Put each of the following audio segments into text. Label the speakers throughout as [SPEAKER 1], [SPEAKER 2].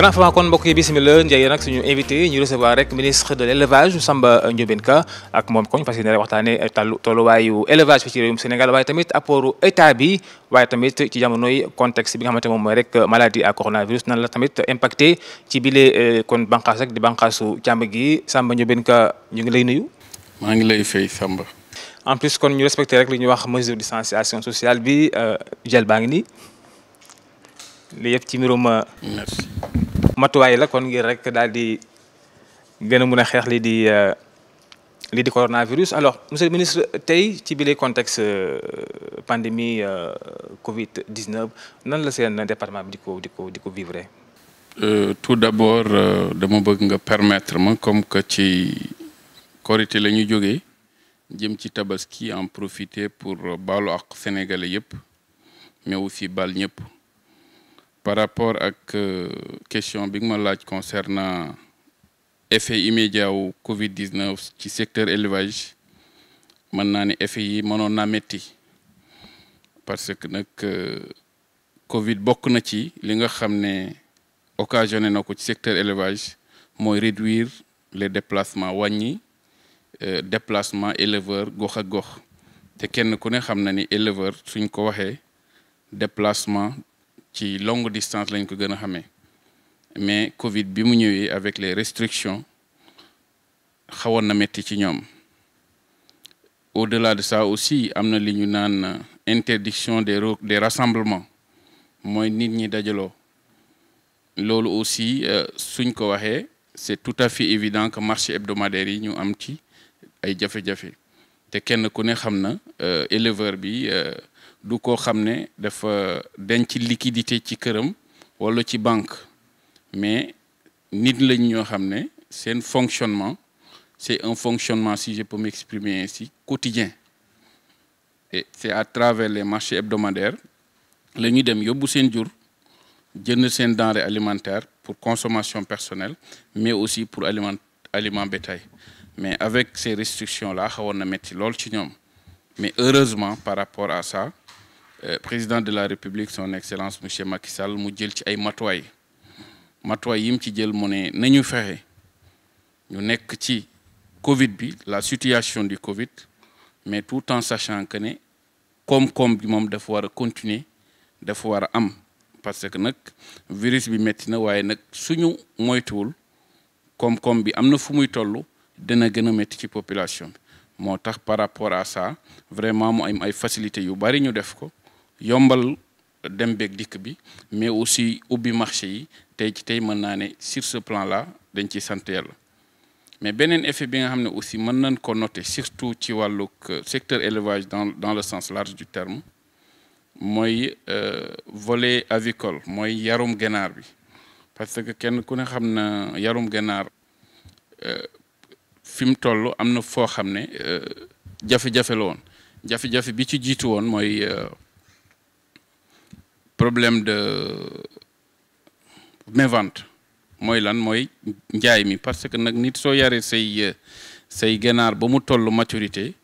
[SPEAKER 1] grand fama kon mbokk yi bisimilah Ndiaye nak suñu invité ñu recevoir rek ministre de l'élevage Samba Ndiobène ak mom koñ fas yéene waxtaanee tàllu tolluwaayu élevage fi ci réewum Sénégal waye tamit apportu état bi waye tamit ci jamonoy contexte bi nga xamanté mom rek maladie à coronavirus nan la tamit impacté ci bile euh, kon bankas ak di bankasu càmb gi Samba Ndiobène ñu ngi lay nuyu. ma ngi lay fay Samba. en plus kon ñu respecté rek li ñu wax mesure de distanciation sociale bi jël euh, baa ngi nii. Euh, Merci. Je euh, coronavirus alors monsieur le ministre le contexte euh, pandémie Covid 19 nan la département
[SPEAKER 2] tout d'abord je bëgg permettre comme que ci korité en profiter pour baalu ak sénégalais mais aussi bal par rapport la euh, question concernant effet immédiat la Covid 19 le secteur élevage je naa ni effet yi mënoon parce que le euh, Covid 19 na ci li nga occasionné secteur élevage de réduire les déplacements wàññi euh, déplacement éleveur éleveurs, ak gox te kenn ku ne éleveur déplacement ci longue distance lañ ko gëna xamé mais Covid bi mu ñëwé avec les restrictions xawon na metti ci ñom au-delà de ça aussi amna li ñu nane interdiction des des rassemblements moy nit ñi dajaloo lolu aussi euh, suñ ko waxé c'est tout à fait évident que marché hebdomadaire yi ñu am ci ay jafé jafé té kenn ku né xamna euh, éleveur bi. Euh, du ko xamné de dafa liquidité ci kërëm wala banque mais nit lañ ñoo xamné un fonctionnement c'est un fonctionnement si je peux m'exprimer ainsi quotidien et c'est à travers les marchés hebdomadaires que dem yóbbu sen jour denrée alimentaire pour consommation personnelle mais aussi pour aliment aliment bétail mais avec ces restrictions là xawon na metti lool ci mais heureusement par rapport à ça euh, président de la république son excellence monsieur Macky Sall mu jël ci ay matuwaay matuwaay yim ci jël mu nañu fexe ñu nekk ci Covid bi la situation du Covid mais tout en sachant que ne comme comme bi continuer devoir am parce que nag virus bi metti na waye nak suñu moytuul comme comme bi am fu muy tollu dina gëna metti ci population motax par rapport à ça vraiment mo am ay facilité yu bari ñu def ko yombal dem beeg dikk bi mais aussi ubi marché yi tey ci tay mën sur ce plan là dañ ci sant yàlla mais benen effet bi nga xamné aussi mën nañ ko noter surtout ci wàllu euh, secteur élevage dans dans le sens large du terme moi euh, volet avicole moy yarum genar bi parce que kenn ku ne xamna yarum genar euh fim am fo xamné euh jafé jafe-jafe la jafé jafe-jafe bi ci jiitu problème de ventes. Moi, lan mooy njaay mi parce que nag nit soo yaree say say ganaar ba mu toll maturité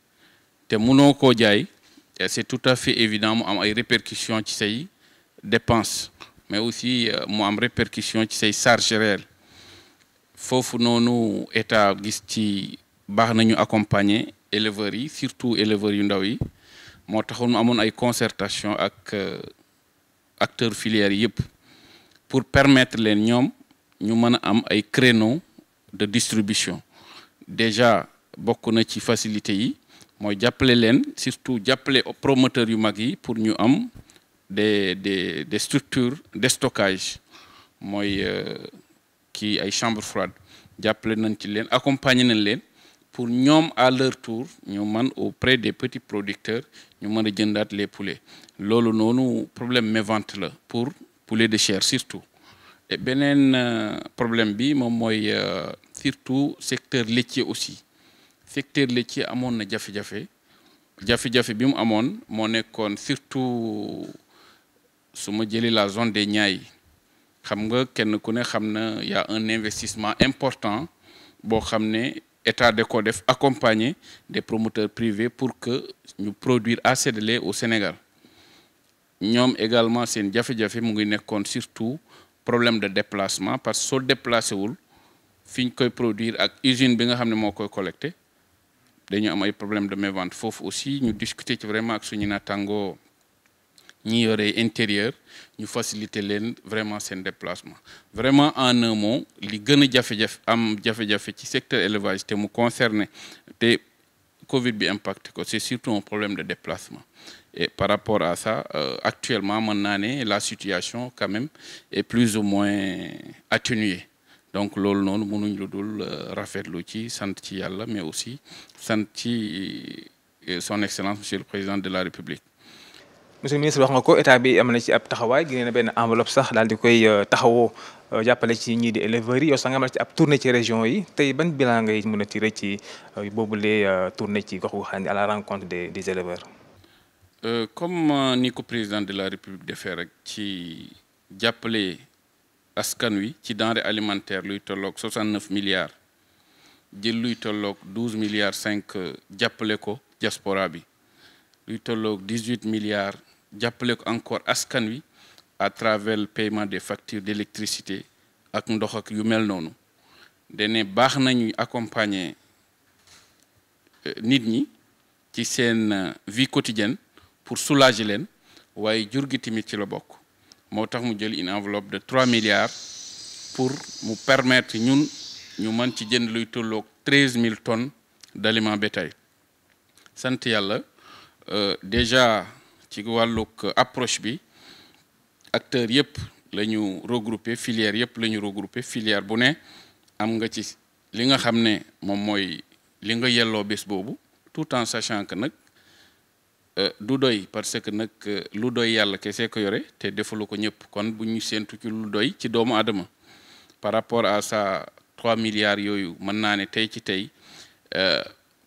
[SPEAKER 2] te munoo koo c'est tout à fait évident mu am ay répercussions ci say dépenses mais aussi euh, moi, am répercussions qui say charges réelles Faut noonu état gis ci baax nañu accompagner éleveurs surtout éleveurs yu Moi, tout à taxoon mu amoon ay concertation avec acteurs filières pour permettre les gens ñu avons a am de distribution déjà beaucoup de ci facilité yi moy surtout leen surtout promoteurs yu mag pour nous am des des structures de stockage qui euh, qui ay chambre froide j'appelle nañ ci len accompagner nañ pour nous, à leur tour nous man auprès des petits producteurs Nous sommes les poulets loolu noonu problème ventes là pour poulets de chair surtout et le euh, problème bi surtout euh, le surtout secteur laitier aussi secteur laitier amoon na jafé jafé. jafe-jafe bi mu amoon mon économie surtout sur je la zone des Niayes xam nga kenn y a un investissement important état de Codef accompagner des promoteurs privés pour que nous produisions assez de lait au Sénégal Nous avons également seen jafe-jafe mu ngi surtout problème de déplacement parce que si on wul déplace que koy produire avec usine que nous avons collectée. Nous avons des dañu am ay problème de main ventes foofu aussi ñu discuter ci vraiment ak suñu Tango ni yore intérieur nous faciliter vraiment ce déplacement vraiment en un mot li gëna a fait am jafé jafé ci secteur élevage té mu concerné té Covid bi impacté c'est surtout un problème de déplacement et par rapport à ça euh, actuellement à mon la situation quand même est plus ou moins atténuée donc lool non mënuñ lu dul euh, rafetlu ci ci mais
[SPEAKER 1] aussi sant ci euh, son excellence monsieur le président de la république monsieur le ministre wax nga ko état bi am na ci ab taxawaay na enveloppe sax a di koy euh, taxawoo euh, jàppale ci ñii di éleveurs yi yow sax nga amal ci ab tournée ci région yi ban bilan ngay mën a tiré ci euh, boobulee tourner ci gox goxaan à la rencontre des des éleveurs. comme
[SPEAKER 2] ni ko président de la république defee rek ci jàppale askan wi ci a alimentaire luy tolloog 69 milliards jël luy tolloog 12 milliards 5 jàppale ko diaspora bi l'utologue 18 milliards jàppale encore askan à travers le paiement des factures d'électricité à ndox ak yu mel noonu dene baax accompagner euh, nit ñi euh, vie quotidienne pour soulager les gens. jur gi une enveloppe de 3 milliards pour nous permettre ñun nous mën ci jënd luy tonnes d'aliments bétail sant Euh, déjà ci wàllug euh, approche bi acteurs yëpp la ñu regroupé filière yëpp la ñu regroupé filière bu ne am nga ci li nga xam ne moom mooy li nga yelloo bés boobu tout en sachant que nag euh, du doy parce que nag lu doy yàlla kese ko yore te defalu ko ñëpp kon bu ñu séentu ci lu doy ci doomu aadama par rapport à sa 3 milliards yooyu mën naa ne tey ci tey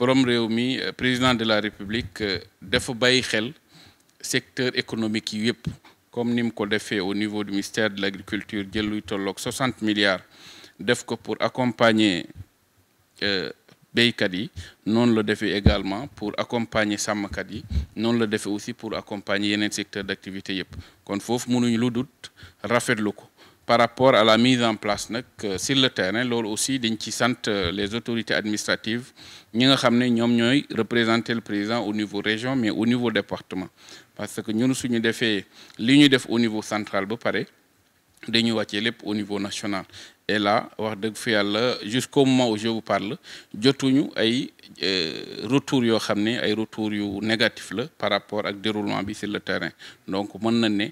[SPEAKER 2] borom réew euh, président de la république euh, dafa bàyyi xel secteur économique yépp comme nous l'avons fait au niveau du ministère de l'Agriculture, 60 milliards def ko pour accompagner euh, béykat yi noonu la également pour accompagner sàmmkat yi noonu la aussi pour accompagner yeneen secteur d'activité activité yëpp kon foofu mënuñu lu dut rafetlu ko par rapport à la mise en place euh, sur le terrain lolu aussi dañ ci euh, les autorités administratives ñi nga représenté le président au niveau région mais au niveau département parce que nous suñu fait li ñu def au niveau central ba paré fait waccé lepp au niveau national et là wax fi jusqu'au moment où je vous parle jotuñu ay retour yo xamné retour négatif par rapport ak déroulement bi sur le terrain donc mën na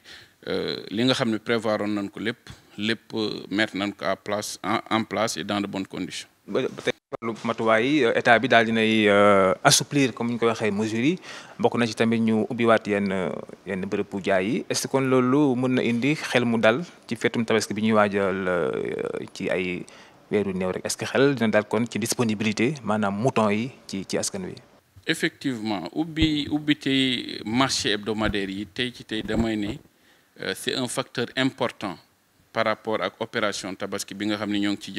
[SPEAKER 2] euh li nga xamné prévoir on nañ ko lépp mettre nañ ko à place en place et dans de
[SPEAKER 1] bonnes conditions. wàllu matuwaay yi état bi daal dinay euh, assouplir comme ni ñu ko waxee mesures yi bokk na ci tamit ñu ubbiwaat yenn yenn bërëb bu jaay yi est-ce kon loolu mën na indi xel mu dal ci fetum tabaski bi ñuy waajal euh, ci ay weeru néew rek est-ce que xel dina dal kon ci disponibilité maanaam mouton yi ci ci askan wi.
[SPEAKER 2] effectivement ubbi ubbi tey marché hebdomadaire yi tey ci tey damay ne euh, c'est un facteur important par rapport à l'opération tabaski bi nga xamni ñong ci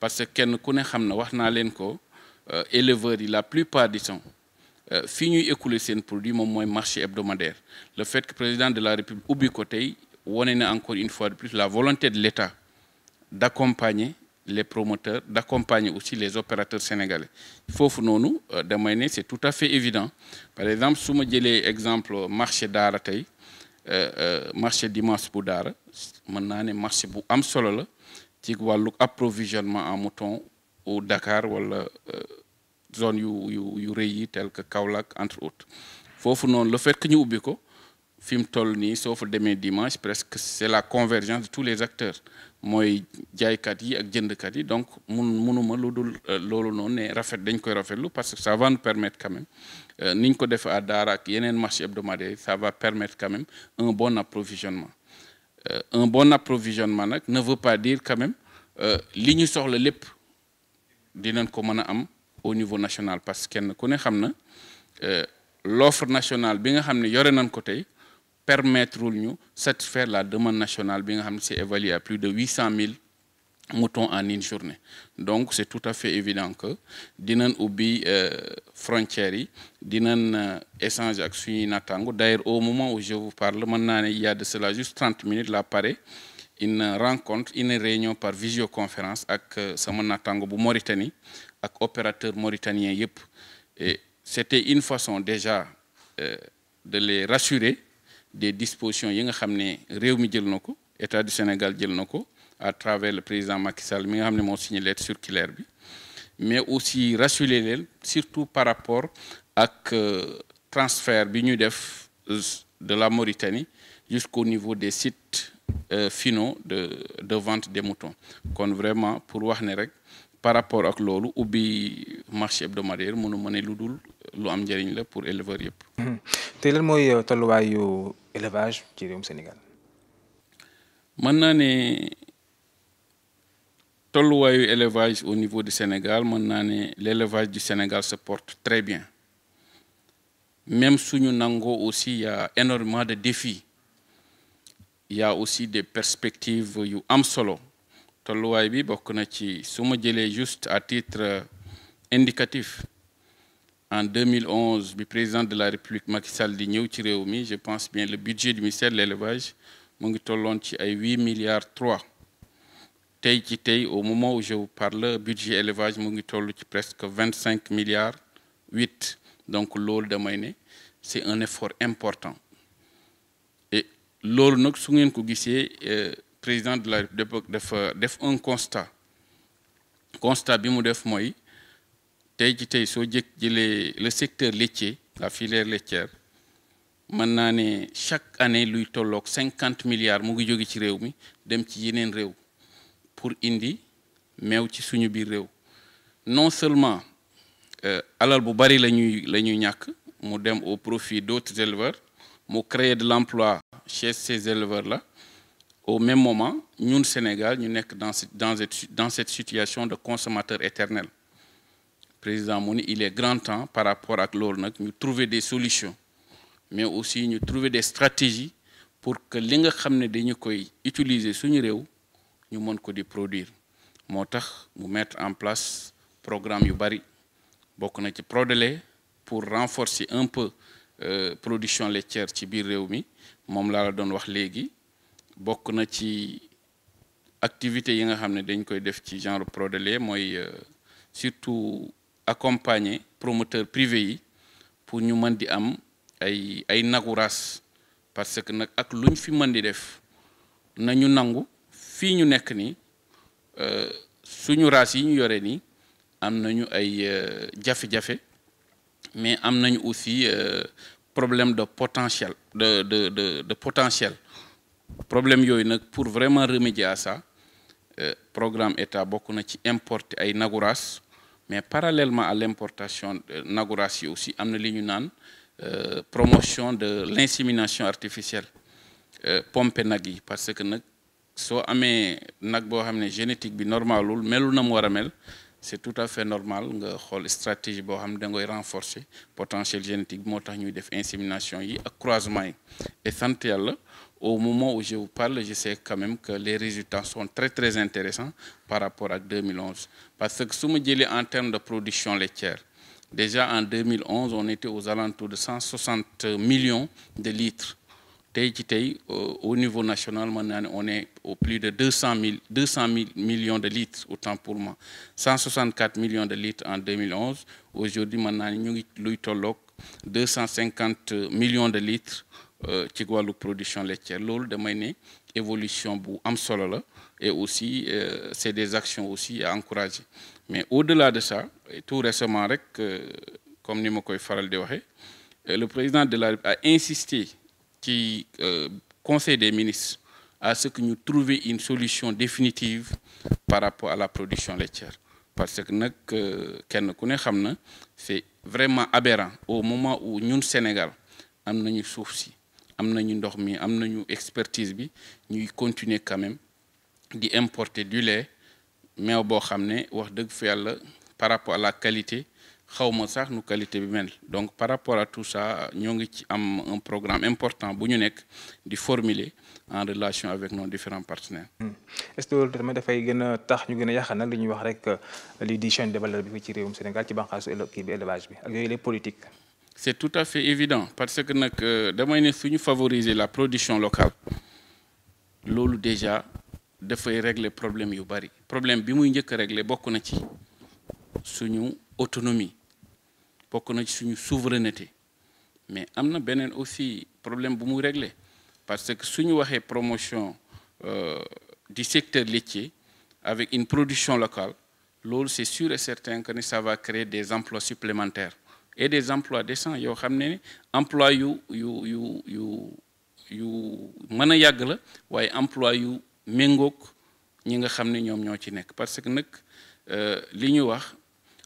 [SPEAKER 2] parce que kenn ku ne xamna waxna euh, éleveurs la plupart du temps euh, fi ñuy écouler pour produit mom moy marché hebdomadaire le fait que le président de la république ubbi ko tey encore une fois de plus la volonté de l'État d'accompagner les promoteurs d'accompagner aussi les opérateurs sénégalais fofu nous euh, damay ne c'est tout à fait évident par exemple suma ma l'exemple exemple marché d'Aratay, euh, euh, marché dimanche pour dara marché bu am solo la en mouton au Dakar wala euh, zone yu yu que entre autres le fait que ñu ubbi ko dimanche presque c'est la convergence de tous les acteurs moy jaykat yi ak jëndkat yi donc mun munuma lu dul euh, loolu noonu ne rafet dañ koy rafetlu parce que ça va nous permettre quand même euh, niñ ko def à Dara ak yenen marché hebdomadaire ça va permettre quand même un bon approvisionnement euh, un bon approvisionnement nak ne veut pas dire quand même li ñu soxla lépp dinañ ko mëna am au niveau national parce que kenn ku ne l'offre nationale bi nga xamné yoré nañ ko tay permettre cette satisfaire la demande nationale bien nga évaluée évalué à plus de 800 000 moutons en une journée donc c'est tout à fait évident que Dinan ubbi euh, frontières yi euh, échange avec natango d'ailleurs au moment où je vous parle maintenant, il y a de cela juste 30 minutes la apparaît une rencontre une réunion par visioconférence avec euh, sama nattaango bu Mauritanie avec opérateur mauritanien Yip et c'était une façon déjà de les rassurer des dispositions yi nga xamné ne réew état du Sénégal à travers le président Macky Sall mi nga xamné mo signé lettre circulaire bi mais aussi rassurer gens, surtout par rapport ak euh, transfert bi ñu def euh, de la Mauritanie jusqu'au niveau des sites euh, finaux de de vente des moutons Donc vraiment pour voir ne rek par rapport ak loolu ubbi marché hebdomadaire mënu avons ne lu am pour élever yëpp.
[SPEAKER 1] te élevage qui Réum Sénégal.
[SPEAKER 2] Maintenant, naa ne élevage au niveau du Sénégal l'élevage du Sénégal se porte très bien même nous Nango aussi il y a énormément de défis il y a aussi des perspectives qui am solo tolluwaay bi bokk na ci su je juste à titre euh, indicatif en 2011 le président de la république Macky Sall di je pense bien le budget du ministère de l'élevage à ngi 8 milliards 3. au moment où je vous parle budget élevage l'Élevage presque 25 milliards 8. donc l'eau de c'est un effort important et l'eau nous su ngeen euh, président de la république a def un constat constat bi mu def le secteur laitier la filière laitière chaque année luy tolloog 50 milliards mu ngi jóge ci réew mi dem ci yeneen pour indi meew ci suñu non seulement euh, alal bu bari lañuy lañuy les mu au profit d'autres éleveurs mu créer de l'emploi chez ces éleveurs là au même moment nous, ñun Sénégal ñu nekk dans dans cette dans cette situation de consommateur éternel président Moni, il est grand temps par rapport à l'or, nous trouver des solutions mais aussi nous trouver des stratégies pour que les nga qui ne koy utiliser suñu nous produire moo nous mettre en place un programme yu bari bokk pour renforcer un peu euh, production laitière ci biir réew mi moom Je la doon wax légui bokk na ci activités yi nga xamné dañ koy def ci euh, surtout accompagner promoteur privé pour ñu mën di am ay ay nagouras parce que nak ak luñ fi mën di def nañu nangu fi ñu ni euh suñu raas yi ñu yoré ni am nañu ay jafé euh, jafé mais am nañu aussi euh, problème de potentiel de de de de potentiel problème yoy nak pour vraiment remédier à ça euh, programme état bokku na ci importer ay nagouras mais parallèlement à l'importation Nagourassi aussi am euh, promotion de l'insémination artificielle euh, pompe Nagui. parce que si on avons une génétique normale, c'est tout à fait normal nga une stratégie pour renforcer le potentiel génétique pour l'insémination l'insémination. ñuy insémination croisement et santé au moment où je vous parle, je sais quand même que les résultats sont très très intéressants par rapport à 2011. Parce que si dit en termes de production laitière, déjà en 2011, on était aux alentours de 160 millions de litres. Euh, au niveau national, on est au plus de 200, millions de litres, autant pour moi. 164 millions de litres en 2011. Aujourd'hui, on est 250 millions de litres euh, ci la production laitière loolu damay né évolution bu am solo la et aussi euh, c'est des actions aussi à encourager mais au-delà de ça tout récemment rek euh, comme ni makoy le président de la a insisté qui conseil des ministres à ce que nous trouvions une solution définitive par rapport à la production laitière parce que ce que ku ne c'est vraiment aberrant au moment où nous, au Sénégal nous avons suuf nous ñu ndox mi expertise bi ñuy continuer quand même di importer du lait mais par rapport à la qualité xawma sax nu qualité donc par rapport à tout ça nous avons un programme important bu ñu formuler en
[SPEAKER 1] relation avec nos différents partenaires. Hmm. est-ce que tax ñu euh, de valeur
[SPEAKER 2] c'est tout à fait évident parce que si euh, damay ne suñu favoriser la production locale lolu déjà régler problème yu bari problème bi muy ñëk régler l'autonomie. na ci autonomie souveraineté mais nous benen aussi problème bu muy régler parce que suñu waxé promotion euh, du secteur laitier avec une production locale c'est sûr et certain que ça va créer des emplois supplémentaires et des emplois décents yo xamné emploi yu yu yu yu yu mën yag la waaye emploi yu mengok ñi nga parce que nak euh, li ñu wax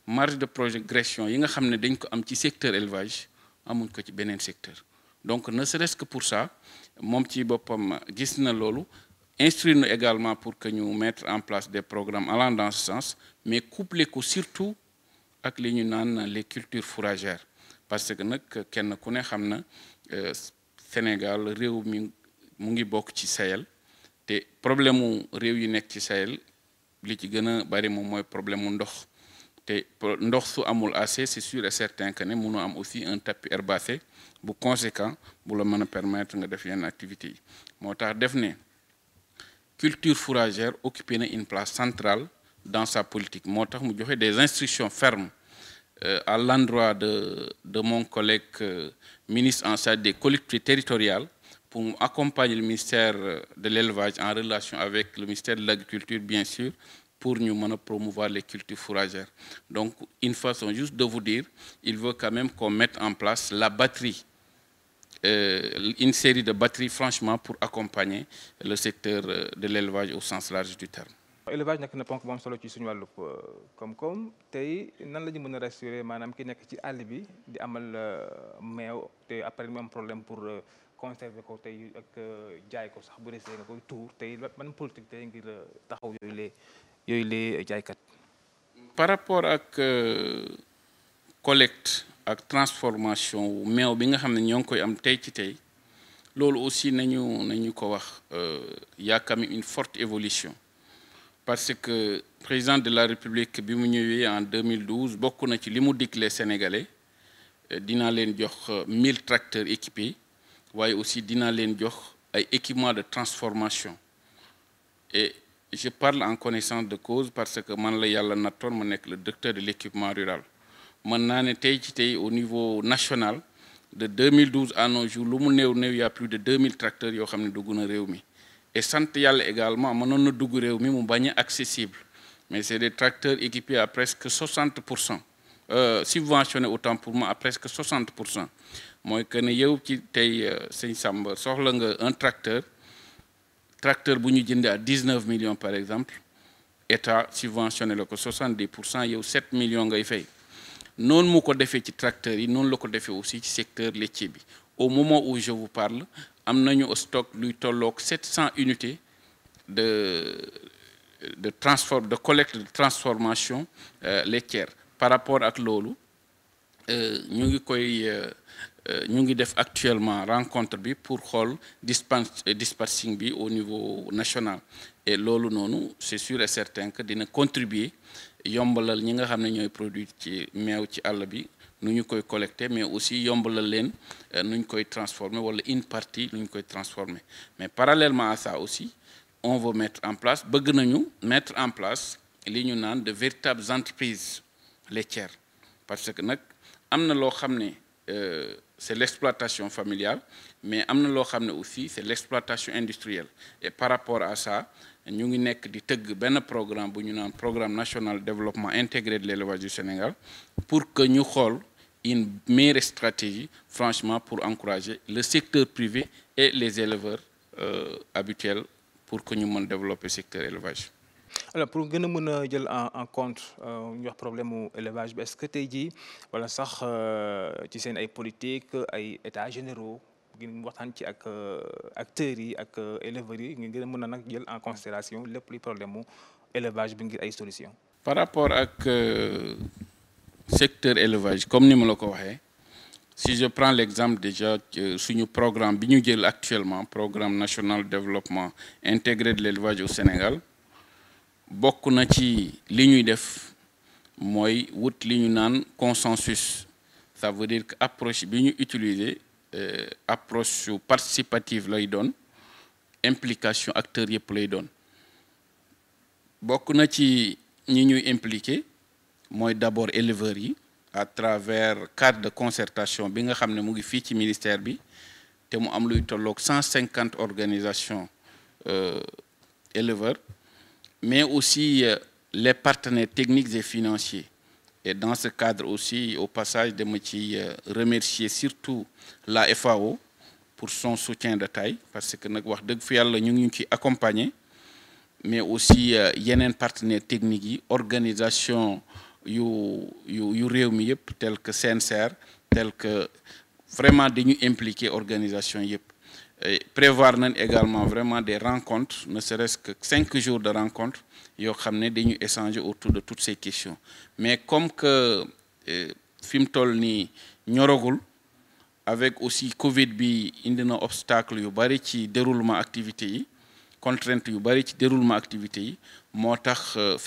[SPEAKER 2] marge de progression yi nga xamné dañ ko am ci secteur élevage amuñ ko ci benen secteur donc ne serait-ce que pour ça mon ci Bopam, gis na lolu instruire nous également pour que nous mettre en place des programmes allant dans ce sens mais couplé ko surtout ak les cultures fourragères parce que nous kenn ku ne euh, Sénégal réew mi mu ngi bokk ci Sahel te problème mu réew yi nekk ci Sahel li ci gën bari moom mooy problème ndox te ndox su amul assez c'est sûr et certain que nous avons am aussi un tapis herbacé bu conséquent bu la mën a permettre nga def yenn activités yi moo def culture fourragère occupé une place centrale dans sa politique Moi, j'ai joxe des instructions fermes euh, à l'endroit de mon collègue euh, ministre en charge des collectivités territoriales pour accompagner le ministère euh, de l'élevage en relation avec le ministère de l'agriculture bien sûr pour nous promouvoir les cultures fourragères donc une façon juste de vous dire il veut quand même qu'on mette en place la batterie une série de batteries franchement pour accompagner le secteur de l'élevage au sens large du terme
[SPEAKER 1] élevage nekk na ponk bu am solo ci suñu wàllub euh, koom-koom tey nan lañu mëna mën a rassurer maanaam ki nek ci àll bi di amal euh, meew te après même problème pour euh, conserver ko tey ak jaay ko sax bu resee nga koy tuur tey man politique tey ngir taxaw yoy lé yoy lé jaay kat
[SPEAKER 2] par rapport ak collecte ak transformation wu bi nga xamné ñong koy am tey ci tey lolu aussi nañu nañu ko wax euh ya kam une forte évolution parce que le président de la république en 2012 beaucoup na ci que les sénégalais euh, Dina 1000 euh, tracteurs équipés voyez aussi dina équipements de transformation et je parle en connaissance de cause parce que man la le docteur de l'équipement rural Je suis au niveau national de 2012 à nos jours il y a plus de 2000 tracteurs qui ont été réunis et Santéal également je na dugg pas mi mu accessible mais c'est des tracteurs équipés à presque 60 euh, subventionnés autant pour moi à presque 60 moy que ne yow ci tay euh, sëñ Samba soxla nga un tracteur tracteur buñu à 19 millions par exemple état subventionné le ko 70 a yow 7 millions ngay fay Non, mu ko ci tracteurs yi Non, la ko aussi ci secteur laitier bi au moment où je vous parle nous avons au stock 700 unités de de collecte de transformation euh, laitière par rapport à lolo, nous ngi koy euh, euh, ñu actuellement rencontre pour le dispersing au niveau national et l'OLU, c'est sûr et certain que nous contribuer à ñi nga xam produits produit ci ci nous ñu koy collecter mais aussi nous leen euh, nu koy transformer wala une partie nous transformer mais parallèlement à ça aussi on veut mettre en place nañu mettre en place de véritables entreprises laitières parce que nous avons euh, c'est l'exploitation familiale mais nous lo aussi c'est l'exploitation industrielle et par rapport à ça nous ngi nekk di un programme un programme national de développement intégré de l'élevage du Sénégal pour que nous regardions une meilleure stratégie, franchement, pour encourager le secteur privé et les éleveurs euh, habituels pour que nous puissions développer le secteur élevage.
[SPEAKER 1] alors pour que nous mën a en compte les euh, problèmes problème élevage est-ce que tu voilà, wala euh, ci politiques ay politique les états généraux avec euh, acteurs yi éleveurs nous en considération les problèmes problème et élevage bi par rapport
[SPEAKER 2] à secteur élevage comme nous le connais si je prends l'exemple déjà le programme bi actuellement programme national développement intégré de l'élevage au Sénégal beaucoup de ci li ñuy def wut li consensus ça veut dire que approche bi ñu euh, approche participative l'implication doon implication acteurs yëpp lay de bokk na moi d'abord éleveurs à travers cadre de concertation bi nga xamné mu ministère bi té mu am luy cinquante organisations euh, éleveurs mais aussi euh, les partenaires techniques et financiers et dans ce cadre aussi au passage je euh, voudrais remercier surtout la FAO pour son soutien de taille parce que nous wax deug fi yalla ñu ngi ci accompagner mais aussi yenen partenaires techniques organisation you tel que CNCR tel que vraiment nous impliquer organisation prévoir également vraiment des rencontres ne serait-ce que cinq jours de rencontres y échanger autour de toutes ces questions mais comme que euh, film mu toll avec aussi Covid il y a obstacle obstacles bari ci déroulement activité yi contrainte yu bari ci déroulement activité yi moo tax euh,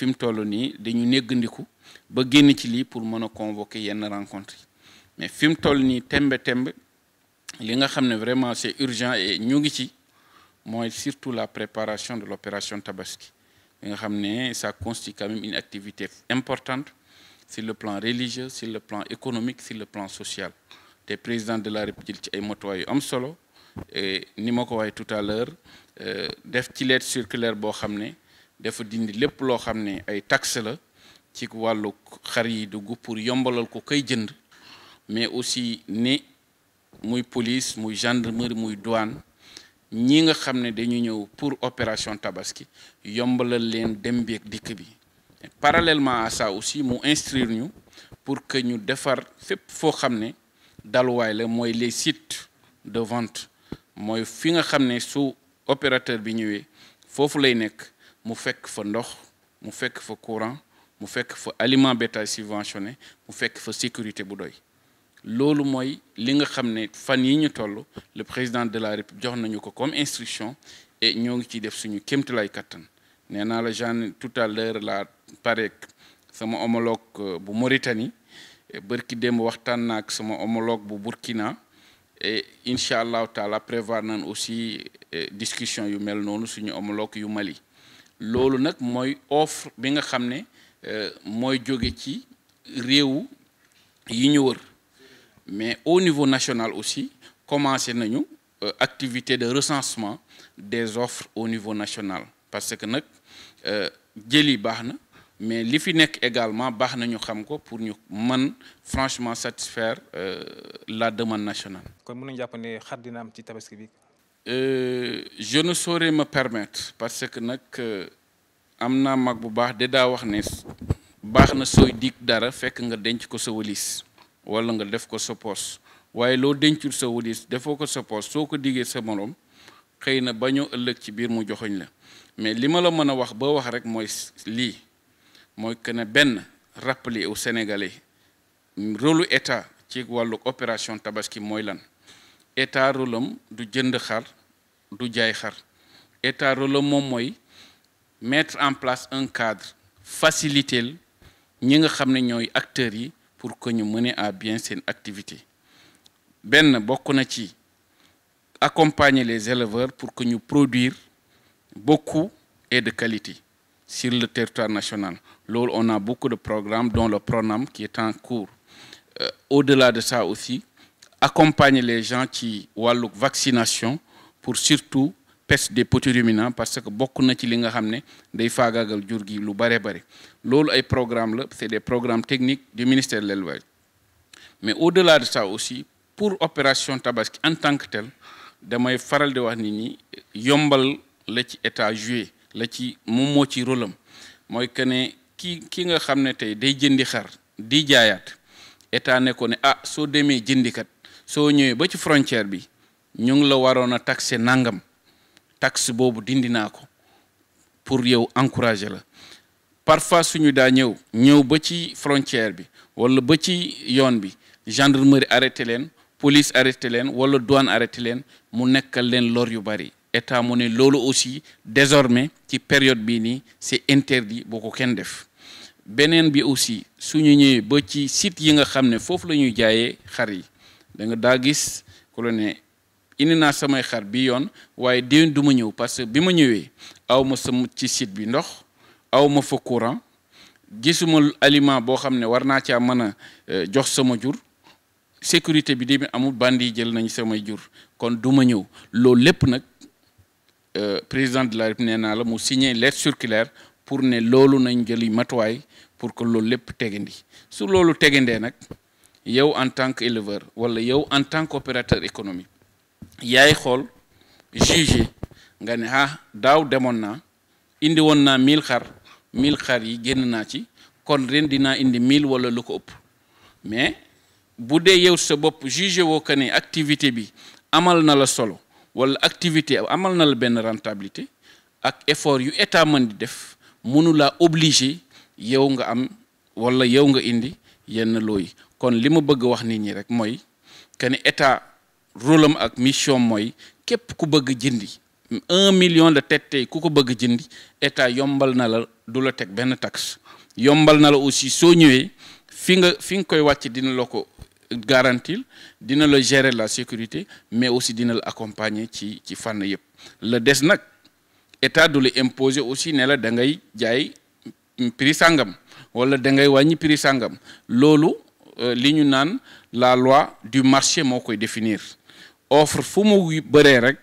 [SPEAKER 2] ba génn ci lii pour mën a convoquer yenn rencontre mais fi mu toll nii tembe tembe li nga vraiment urgent et ñu ngi ci surtout la préparation de l'opération Tabaski li nga ça constitue quand même une activité importante sur le plan religieux sur le plan économique sur le plan social Le président de la République ci ay am solo et ni ma ko tout à l'heure euh, def ci lettre circulaire boo xam ne dafa dindi lépp loo xam ay taxes la ci walu xar yi dugg pour yombalal ko koy jënd mais aussi ni muy police muy gendarmerie muy douane ñi nga xam ne dañu ñëw pour opération tabaski yombalal leen dem bi ak dikk bi parallèlement à ça aussi mu instruire ñu pour que ñu defar fépp foo xam ne daluwaay la mooy les sites de vente mooy fi nga xam ne su opérateur bi ñëwee foofu lay nekk mu fekk fa ndox mu fekk fa courant mu fekk fa aliment bétail subventionné mu fekk fa sécurité bu doy loolu mooy li nga fan le président de la république jox nañu comme instruction et ñoo ngi ci def suñu la tout à l'heure la parek sama homologue euh, bu Mauritanie barki démb homologue bu Burkina et incha allahu taala prévoir nan aussi euh, discussion yu mel suñu homologue yu Mali offre bi nga euh, moy jogé ci réew yi ñu wër mais au niveau national aussi commencé nañu euh, activité de recensement des offres au niveau national parce que nak euh, jëli baax choses, mais li fi nek également baxna ñu xam ko pour ñu mën franchement satisfaire la demande nationale.
[SPEAKER 1] comme mën nañu jàpp ne dina am ci tabaski bi.
[SPEAKER 2] je ne saurais me permettre parce que nag. am naa mag bu baax de daa wax ne baax na sooy dig dara fekk nga denc ko sa walis wala nga def ko sa poos waaye loo dencul sa walis defoo ko sa poos soo ko digee sa morom xëy na bañoo ëllëg ci biir mu joxoñ la mais li ma la mën a wax ba wax rek mooy lii mooy que ne benn rappeler au Sénégalais rôlu état ci wàllu opération tabaski mooy lan état rôlam du jënd xar du jaay xar état rôlam moom mooy mettre en place un cadre faciliter les pour que nous menions à bien cette activité Ben, accompagner les éleveurs pour que nous produire beaucoup et de qualité sur le territoire national Là, on a beaucoup de programmes dont le PRONAM qui est en cours euh, au-delà de ça aussi accompagner les gens qui ont la vaccination pour surtout peste des petits ruminants parce que bokk na ci li nga xam ne day faagaagal jur gi lu bare bare loolu ay programme la c'est des programmes techniques du ministère de l'élevage mais au-delà de ça aussi pour opération tabaski en tant que damay faral di wax nit ñi yombal la ci état joué la ci moom moo ci rôlam mooy que ne ki ki nga xam ne tey day jëndi xar di jaayaat état ne ko ne ah soo demee jëndikat soo ñëwee ba ci frontière bi ñu ngi la waroon a taxé nangam taxe boobu dindi naa ko pour yow encourager la parfois suñu daa ñëw ñëw ba ci frontière bi wala ba ci yoon bi gendarmerie arrêté leen police arrêté leen wala douane arrêté leen mu nekkal leen lor yu bari état mu ne loolu aussi désormais ci période bii nii c'est interdit boo ko kenn def beneen bi aussi suñu ñëwee ba ci site yi nga xam ne foofu la ñuy jaayee xar yi ku la ne indi naa samay xar bi yoon waaye déwén duma ñëw parce que bi ma ñëwee aw ma sa ci site bi ndox aw ma fa courant gisuma aliment boo xam ne war naa caa mën a euh, jox sama jur sécurité bi di amul bandi yi jël nañ samay jur kon du ma ñëw loolu lépp nag euh, président de la République nee naa la mu signé lettre circulaire pour ne loolu nañ jëli matuwaay pour que loolu lépp tegandi su loolu tegandee nag yow en tant que éleveur wala yow en tant que opérateur économique yaay xool juge nga ne ah daaw demoon naa indi woon naa mille xar mille xar yi génn naa ci kon ren dinaa indi mille wala lu ko ëpp mais bu dee yow sa bopp juge woo ko ne activité bi amal na la solo wala activité amal na la benn rentabilité ak effort yu état mën di def mënu laa obligé yow nga am wala yow nga indi yenn looyi kon li ma bëgg wax nit ñi rek mooy que état. rôle ak mission moy képp ku bëgg jindi un million de tête tey ku ko bëgg jindi état yombal na la du la teg taxe yombal na la aussi so ñëwé fi nga fi ng koy wacc dina la ko garantir dina la gérer la sécurité mais aussi dina la accompagner ci ci fann yépp Le des nak état du imposer aussi né la da ngay jaay prix sangam wala da ngay wañi prix sàngam loolu euh, li ñu naan la loi du marché mo koy définir offre fu mu bëree rek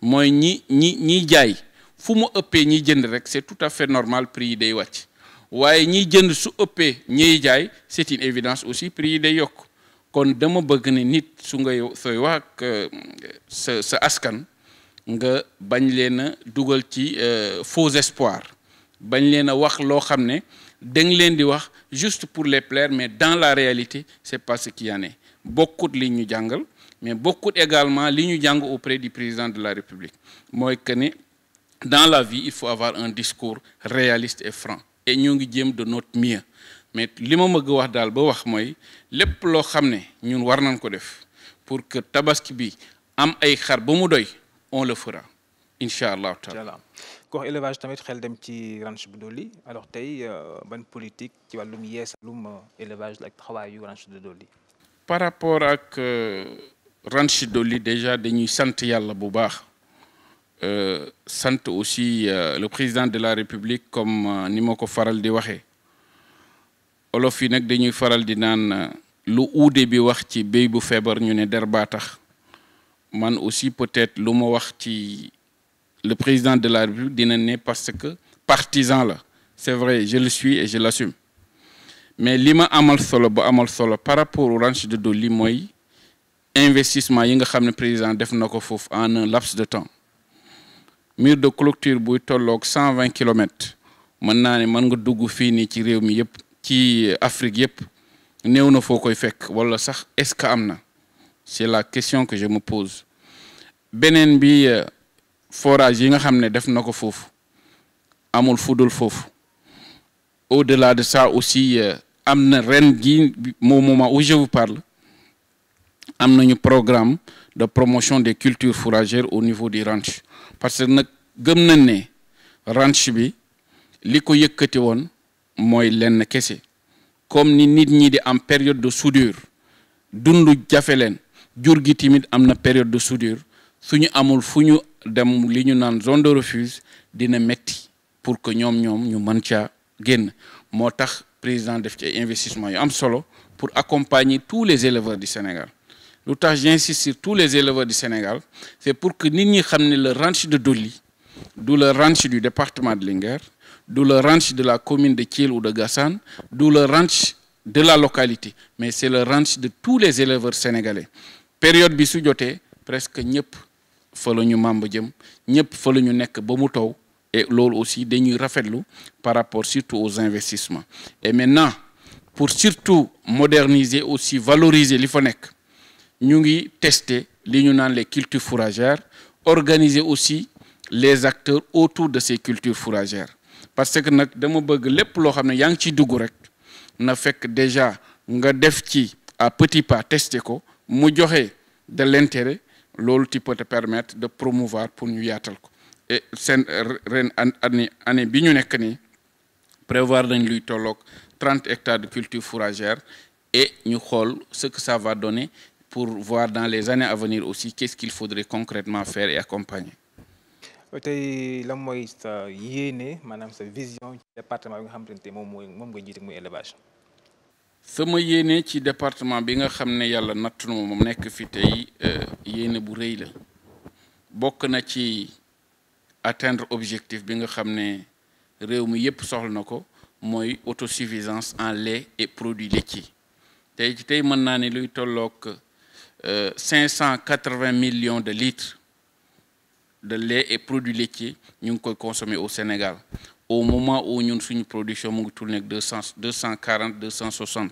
[SPEAKER 2] moy ñi ñi ñi jaay fu mu ëppee jënd rek c'est tout à fait normal prix day wàcc waaye jënd su ëppee ñi jaay c'est une évidence aussi prix day kon dama bëgg ne nit su nga soy wax ak ce euh, askan nga bañ leena duggal ci euh, faux espoir bañ leena wax lo xamné leen di wax juste pour les plaire mais dans la réalité c'est pas ce qu'il y en beaucoup de li ñu jàngal mais beaucoup également li ñu auprès du président de la république Moi, que connais. dans la vie il faut avoir un discours réaliste et franc et nous, ngi de notre mieux mais li ma mëgg wax daal ba wax mooy lépp loo ne ñun war nañ pour que tabaski bi am ay xar bu mu doy on le fera inshallah taala
[SPEAKER 1] ko élevage tamit xel dem ci ranch bu doli alors tay euh, ban politique ci wàllum yeesalum euh, élevage la travail yu ranch de doli
[SPEAKER 2] par rapport ak euh, ranch dolly déjà dañuy sant Yalla bu baax euh, aussi euh, le président de la république comme euh, ni faral di waxee olof yi faral di naan lu uude bi wax ci béy bu man aussi peut-être lu le président de la république dina parce que partisan là c'est vrai je le suis et je l'assume mais lima amal solo amal solo par rapport au ranch de Dolly moi investissement yi nga xamné président def nako ko en un laps de temps mur de clôture buy tolok 120 km kilomètres mën naa nga dugg fii ci réew mi ci Afrique yépp néew na koy fekk wala sax est-ce que c'est la question que je me pose benen bi euh, forage yi nga xamné def nako ko amul fudul foofu au-delà de ça aussi euh, amna na ren gi au moment où je vous parle am un programme de promotion des cultures fourragères au niveau des ranch parce que nak gëm nañ ne ranch bi liko yëkëti won se lenn comme ni nit ñi di période de soudure période de soudure suñu amul fuñu dem zone de refuge dina pour que ñom ñom ñu mën président def ci pour accompagner tous les éleveurs du Sénégal à fait, j'insiste sur tous les éleveurs du Sénégal c'est pour que nous ñi le ranch de Doli d'où le ranch du département de Linger, d'où le ranch de la commune de Kiel ou de Gassan, d'où le ranch de la localité mais c'est le ranch de tous les éleveurs sénégalais période bi su presque nous fa la ñu màmb jëm ñëpp et loolu aussi dañuy rafetlu par rapport surtout aux investissements et maintenant pour surtout moderniser aussi valoriser li nous avons tester les cultures fourragères organiser aussi les acteurs autour de ces cultures fourragères parce que nous avons bëgg ne ngi déjà nga à petit pas tester ko mu de l'intérêt qui qui peut te permettre de promouvoir pour nous. et nous année prévoir un luy 30 hectares de cultures fourragères et nous vu ce que ça va donner pour voir dans les années à venir aussi qu'est-ce qu'il faudrait concrètement faire et accompagner.
[SPEAKER 1] Euh, tay lan mooy sa yéene sa vision ci département bi nga xamante mom moom nga jiite muy élevage.
[SPEAKER 2] sama yene ci département bi nga xamné Yalla yàlla mom nek moom nekk fi tey euh, yéene bu rëy la Bok na ci atteindre objectif bi nga xamné ne réew mi yëpp soxla na autosuffisance en lait et produits laitiers Tay tay tey mën luy tolok 580 euh, millions de litres de lait et produits laitiers nous consommons au Sénégal au moment où nous avons une production de 240-260.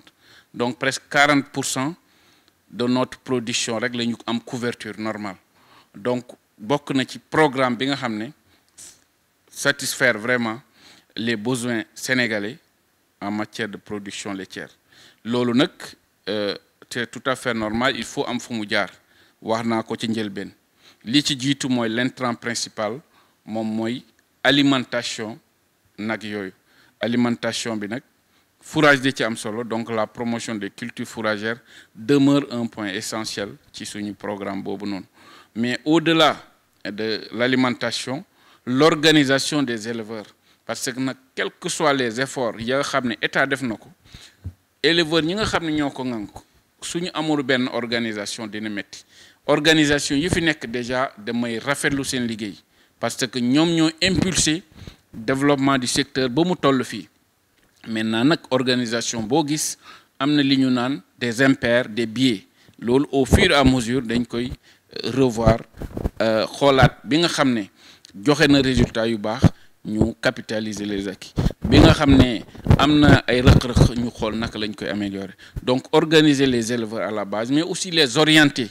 [SPEAKER 2] donc presque 40 de notre production rek en couverture normale donc beaucoup na ci programme bi satisfaire vraiment les besoins sénégalais en matière de production laitière nak euh, c'est tout à fait normal il faut am fou warna jaar wax naa ko ci li principal mon moi alimentation le alimentation fourrage de donc la promotion des cultures fourragères demeure un point essentiel ci suñu programme mais au-delà de l'alimentation l'organisation des éleveurs parce que quels que soient les efforts ya éleveurs ne état def na ko éleveurs ñi nga suñu amul ben organisation dina métti organisation yi fi nekk déjà damay rafetlu sen liguey parce que ñom ñoo impulser développement du secteur ba mu toll fi maintenant nak organisation bo gis amna na li ñu naan des impairs des biais lool au fur et à mesure dañ koy euh, revoir euh, xoolaat bi nga xamné joxé na résultat yu baax nous capitaliser les acquis bi nga amna ay ñu donc organiser les éleveurs à la base mais aussi les orienter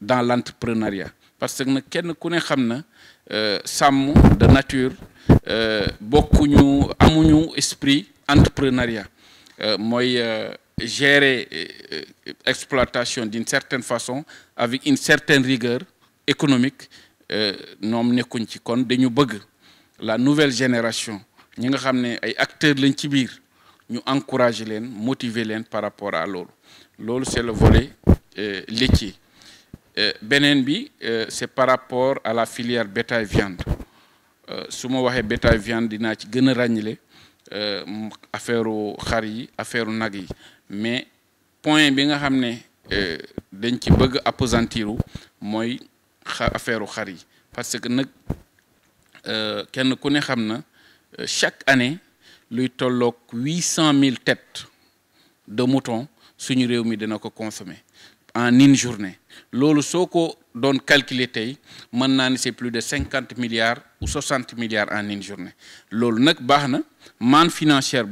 [SPEAKER 2] dans l'entrepreneuriat parce que nous kenn que ne xamna euh de nature euh, ñu amuñu esprit entrepreneuriat euh, euh, gérer exploitation d'une certaine façon avec une certaine rigueur économique Nous nekkuñ ci kon dañu bëgg la nouvelle génération ñi nga ay acteurs lañ ci nous ñu encourager leen motiver leen par rapport à l'eau. L'eau, c'est le volet euh, laitier euh, Benenbi bi euh, c'est par rapport à la filière bétail viande su ma bétail viande c'est ci gën a affaire xar yi affaire nag yi mais point bi nga xam ne dañ ci bëgg appesantiru mooy affaire xar parce que nous, euh, euh, chaque année 800 000 têtes de moutons suñu consommées en une journée Ce qui est calculé calculer plus de 50 milliards ou 60 milliards en une journée loolu nag baax la manne financière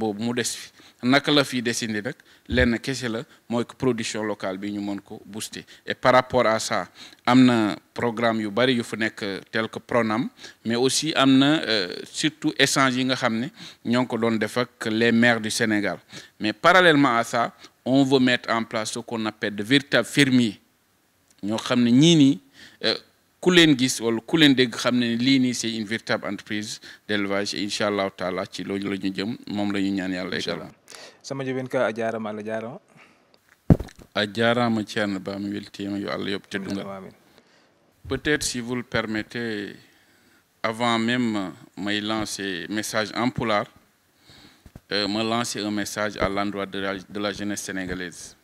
[SPEAKER 2] naka la fi desindi nak lenn kessé la moy production locale bi ñu mën ko booster et par rapport à ça amna programme yu bari yu fu euh, tel que Pronam mais aussi amna euh, surtout échange yi nga xamné ne ñoo ko def ak les maires du Sénégal mais parallèlement à ça on veut mettre en place ce qu'on appelle de véritable fermier. ñoo xamné ne ni euh, ku leen gis wala ku leen dégg xam ne lii c'est une véritable entreprise d'élevage et incha allahu taala ci loolu la ñu jëm moom la ñu ñaan yàlla
[SPEAKER 1] sama joɓen ka a jarama allah jarama
[SPEAKER 2] a jarama ba bami weltima yo allah yoɓ teddugal peut être si vous le permettez avant même euh, may lancer message en polar euh, me lancer un message à l'endroit de la, de la jeunesse sénégalaise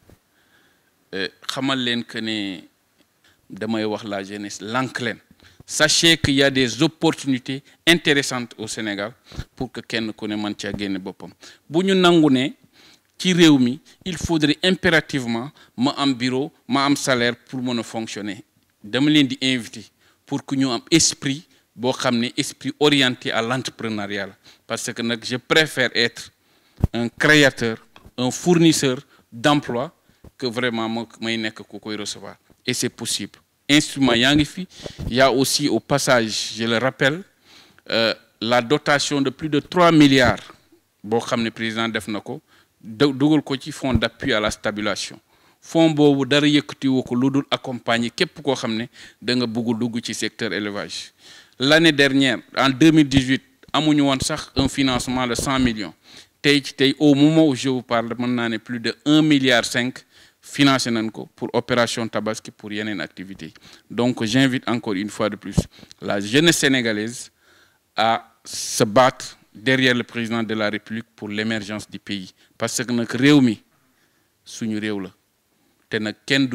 [SPEAKER 2] euh, xamal euh, leen que ne damay wax la jeunesse lànk sachez qu'il y a des opportunités intéressantes au Sénégal pour que kenn ku ne mën cee génne boppam bu ñu qui réunit, il faudrait impérativement ma bureau ma salaire pour mon fonctionner Je invité pour que nous un esprit esprit orienté à l'entrepreneuriat parce que je préfère être un créateur un fournisseur d'emploi que vraiment may recevoir et c'est possible instrument Yangifi, il y a aussi au passage je le rappelle euh, la dotation de plus de 3 milliards pour le président def dugal ko ci fonds d'appui à la stabilisation Fond boobu dara yekuti woko lu accompagner kep da nga ci secteur élevage l'année dernière en 2018 amuñu won sax un financement de 100 millions ci au moment où je vous parle mën plus de 1 milliard 5 financé nan ko pour opération tabaski pour yenen Activité. donc j'invite encore une fois de plus la jeunesse sénégalaise à se battre derrière le président de la république pour l'émergence du pays parce que nous sommes suñu la sommes kenn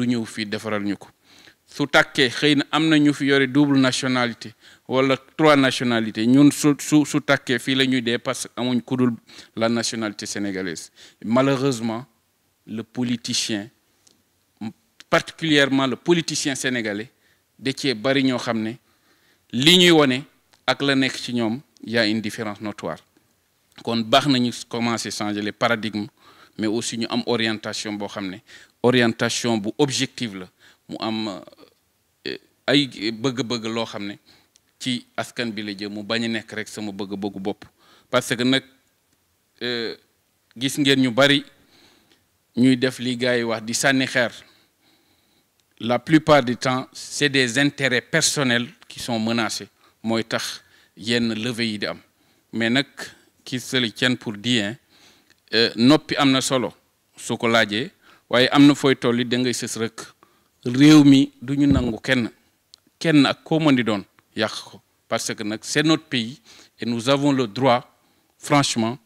[SPEAKER 2] double nationalité wala trois nationalités ñun su su parce la nationalité sénégalaise malheureusement le politicien particulièrement le politicien sénégalais de bari ñoo il y a une différence notoire kon baax nañu commencer changer les paradigmes mais aussi ñu am orientation boo xam orientation bu objective la mu am euh, ay bëgg-bëgg loo xam ne ci askan bi la jëm mu bañ a rek sama bëgg-bëggu bopp parce que nag euh, gis ngeen ñu bari ñuy def li gars wax di sànni xeer la plupart du temps c'est des intérêts personnels qui sont menacés mooy tax yenn levée yi di am mais nag qui se le pour dire euh, noppi am na solo su ko laajee waaye am na fooy toll da ngay sës rek réew mi du ñu nangu kenn kenn ak koo di doon yàq ko parce que nag c'est notre pays et nous avons le droit franchement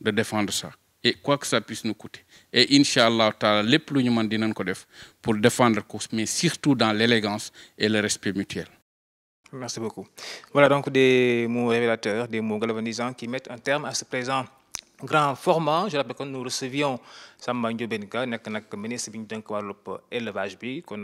[SPEAKER 2] de défendre ça et quoi que ça puisse nous coûter et incha allahu taala lépp lu ñu mën dinañ ko def pour défendre ko mais surtout dans l'élégance et le respect mutuel
[SPEAKER 1] Merci beaucoup. Voilà donc des mots révélateurs, des mots galvanisants qui mettent un terme à ce présent grand format je rappelle que nous recevions Samba Ndiobenka, qui est le ministre de l'élevage, dénk élevage bi kon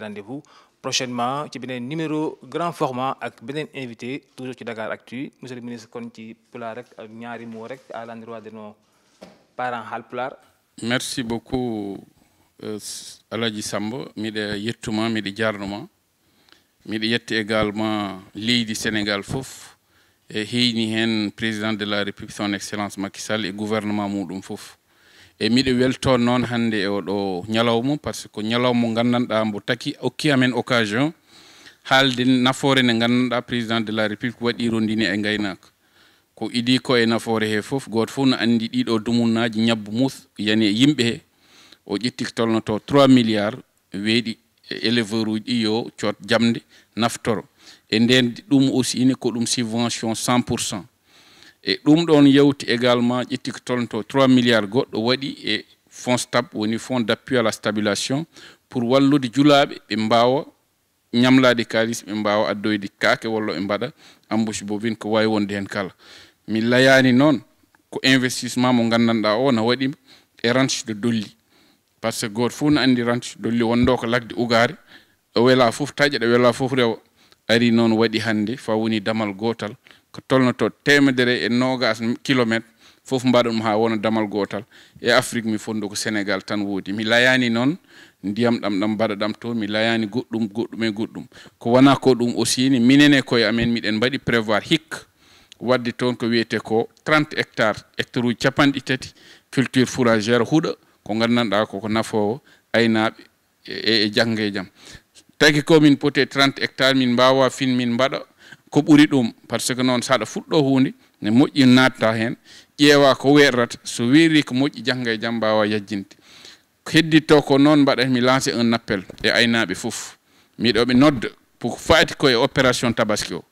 [SPEAKER 1] rendez-vous prochainement ci un numéro grand format avec un invité toujours ci Dakar Actu monsieur le ministre kon ci pulaar rek ak à l'endroit de nos parents halplar.
[SPEAKER 2] merci beaucoup euh, Aladji Samba mi de yettuma mi de jaarnuma y yetti également leydi sénégal fof et heyni heen président de la république son excellence et le gouvernement muɗum fof Et miɗo welto non hande e o do ñalawma parce que ñalawma nganndanɗa mbo taki okki amen occasion Halde nafoore nde nganndanɗa président de la république wadi rondini e gaynak ko idi ko e nafoore hee fof gooto fof no anndi ɗiɗo dumunaaji ñabbu mus yani e o hee tolno to 3 milliards weeɗi e éleveur uji ɗi yo cot naftoro e nous aussi ine ko ɗum subvention 100%. Et nous e également ƴetti ko trois milliards goɗɗo waɗi e fonds stab woni fonds d'appui à la stabilisation pour wallude julaaɓe ɓe mbaawa calis, kaalis ɓe mbaawa de kaake walla ɓe mbaɗa Ambouche Bovin, ko waawi wonde heen kala mi layaani non. ko investissement mo nganndanɗaa o no waɗi e ranche de dolli par ce que gooto fof no anndi ranti dolli wonndo ko lagde ugaare o welaa fof taƴa ɗo welaa fof rewa arii noon waɗi hannde fa woni damal gootal ko tolnoto teemedere e noogas kilométre fof mbaɗa ɗum haa wona damal gootal e afrique mi fonndu ko sénégal tan woodi mi layaani noon ndiyam ɗam ɗam mbaɗa ɗam to mi layaani goɗɗum goɗɗum e goɗɗum ko wonaa ko ɗum aussi ni minene koye amen miɗen mbaɗi prévoir hikka wadde toon ko wiyetee ko 30 hectares hectare uji capanɗi tati culture fouragére huɗa ko gandanɗa koko nafowo aynaɓe e jangge e jaam e tagi komin poti 30 e hectare min mbawa fin min mbaɗa ko ɓuri ɗum par ce que noon saɗa fuɗɗo hunde ne moƴƴi natta hen ƴeewa ko werrata so weeri ko moƴƴi jangga e jaam mbawa yajjinde hedditto ko noon mbaɗat mi lancé un appel e aynaɓe fof miɗoɓe nodda pour faati koye opération tabaski o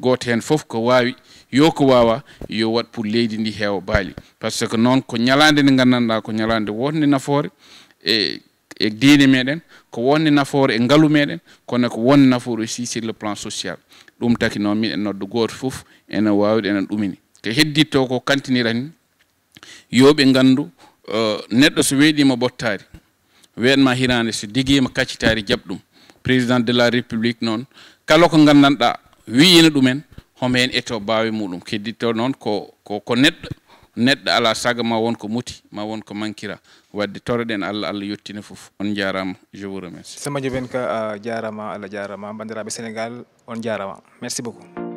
[SPEAKER 2] gooto heen fof ko waawi yo ko waawa yo wat pour leydi ndi heewa baali par ce que noon ko ñalaande nde nganndanɗaa ko ñalaande wonde nafoore e e diine meeɗen ko wonde nafoore e ngalu meeɗen kono ko wonde nafoore aussi sur le plan social ɗum taki noon miɗen noddu gooto fof ene waawiɗo ene ɗumini ko heddittoo ko kantinirani yooɓe nganndu uh, neɗɗo so weeɗiima ɓottaari weenma hirande so digiima kaccitaari jaɓɗum président de la république noon kala ko nganndanɗaa wiyina ɗumen homo hen eto baawi muɗum kedditto noon ko ko ko neɗɗo neɗɗo ala saga ma won ko muti ma won ko mankira wadde toroɗen allah allah yettine fof on jarama je vous remercie
[SPEAKER 1] samba dioben ka ah, jarama allah jarama bandiraɓe sénégal on jarama merci beaucoup